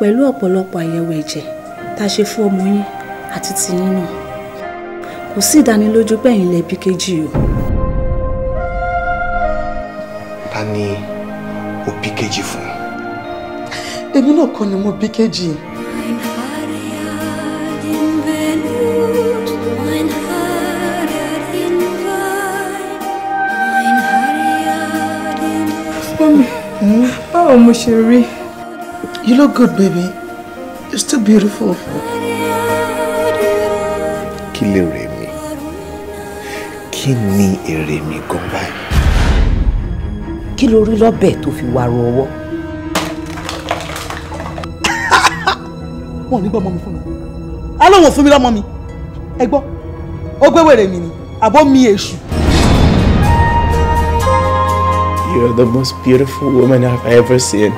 pẹ̀lú ọ̀pọ̀lọpọ̀ àyẹ̀wò ẹ̀jẹ̀ tá a ṣe fún ọmọ yín àti tìyín náà kò sí ìdánilójú pẹ̀yìn lẹ́bí kejì o. ta ni ó bí kejì fún. èmi náà kọ́ ni mo bí kejì. báwo mo ṣe rí i. You look good, baby. You're still beautiful. Kí lè rè mí? Kí ni èrè mi gan báyìí? Kí lo rí lọ́bẹ̀ tó fi wàrò ọwọ́? Wọ́n ò ní gbọ́ ọmọ mi fún mi. Alóhùn fún mi lọ́mọ mi. Ẹ gbọ́, ó gbé wèrè mi You're the most beautiful woman I've ever seen.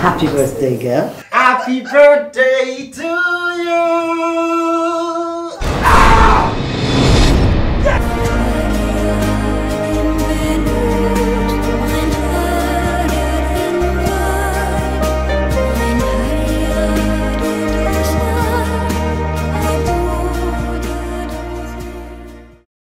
Happy birthday, girl. Happy birthday to you.